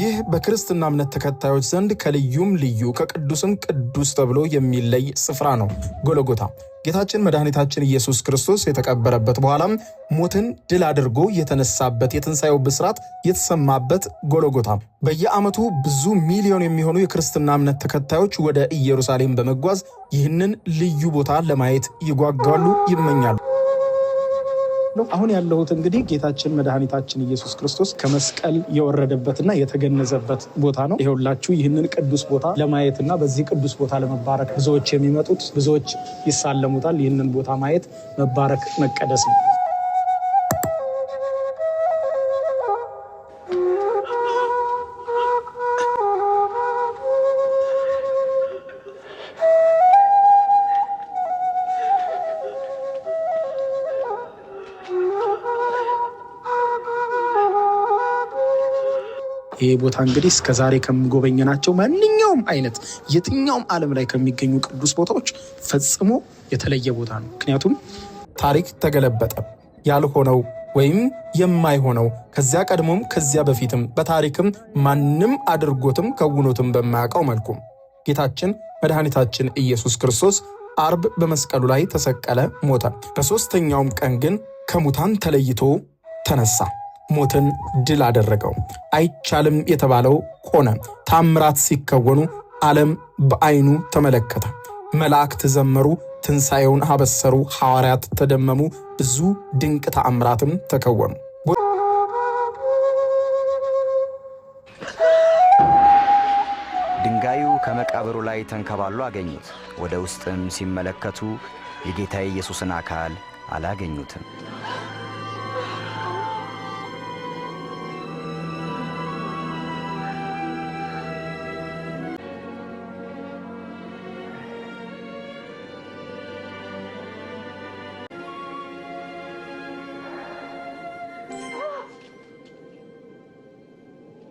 ይህ በክርስትና እምነት ተከታዮች ዘንድ ከልዩም ልዩ ከቅዱስም ቅዱስ ተብሎ የሚለይ ስፍራ ነው። ጎለጎታ ጌታችን መድኃኒታችን ኢየሱስ ክርስቶስ የተቀበረበት በኋላም ሞትን ድል አድርጎ የተነሳበት የትንሣኤው ብስራት የተሰማበት ጎለጎታ። በየዓመቱ ብዙ ሚሊዮን የሚሆኑ የክርስትና እምነት ተከታዮች ወደ ኢየሩሳሌም በመጓዝ ይህንን ልዩ ቦታ ለማየት ይጓጓሉ፣ ይመኛሉ። ነው። አሁን ያለሁት እንግዲህ ጌታችን መድኃኒታችን ኢየሱስ ክርስቶስ ከመስቀል የወረደበትና የተገነዘበት ቦታ ነው። ይሄውላችሁ ይህንን ቅዱስ ቦታ ለማየትና በዚህ ቅዱስ ቦታ ለመባረክ ብዙዎች የሚመጡት ብዙዎች ይሳለሙታል። ይህንን ቦታ ማየት መባረክ መቀደስ ነው። ይሄ ቦታ እንግዲህ እስከዛሬ ከምጎበኘናቸው ማንኛውም አይነት የትኛውም ዓለም ላይ ከሚገኙ ቅዱስ ቦታዎች ፈጽሞ የተለየ ቦታ ነው። ምክንያቱም ታሪክ ተገለበጠ። ያልሆነው ወይም የማይሆነው ከዚያ ቀድሞም ከዚያ በፊትም በታሪክም ማንም አድርጎትም ከውኖትም በማያውቀው መልኩም ጌታችን መድኃኒታችን ኢየሱስ ክርስቶስ አርብ በመስቀሉ ላይ ተሰቀለ፣ ሞተ። በሦስተኛውም ቀን ግን ከሙታን ተለይቶ ተነሳ። ሞትን ድል አደረገው። አይቻልም የተባለው ሆነ። ታምራት ሲከወኑ ዓለም በዓይኑ ተመለከተ። መላእክት ዘመሩ፣ ትንሣኤውን አበሰሩ፣ ሐዋርያት ተደመሙ፣ ብዙ ድንቅ ተአምራትም ተከወኑ። ድንጋዩ ከመቃብሩ ላይ ተንከባሎ አገኙት። ወደ ውስጥም ሲመለከቱ የጌታ ኢየሱስን አካል አላገኙትም።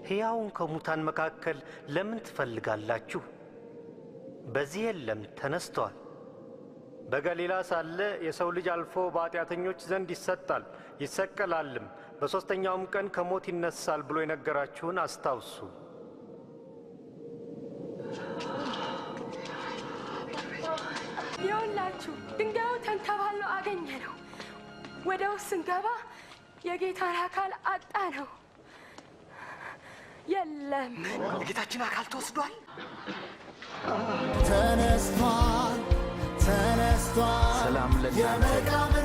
ሕያውን ከሙታን መካከል ለምን ትፈልጋላችሁ? በዚህ የለም ተነስቷል። በገሊላ ሳለ የሰው ልጅ አልፎ በኃጢአተኞች ዘንድ ይሰጣል ይሰቀላልም፣ በሦስተኛውም ቀን ከሞት ይነሳል ብሎ የነገራችሁን አስታውሱ። ይኸውላችሁ ድንጋዩ ተንከባሎ አገኘ ነው። ወደ ውስጥ ስንገባ የጌታን አካል አጣ ነው። የለም የጌታችን አካል ተወስዷል። ተነስቷል፣ ተነስቷል። ሰላም ለእናንተ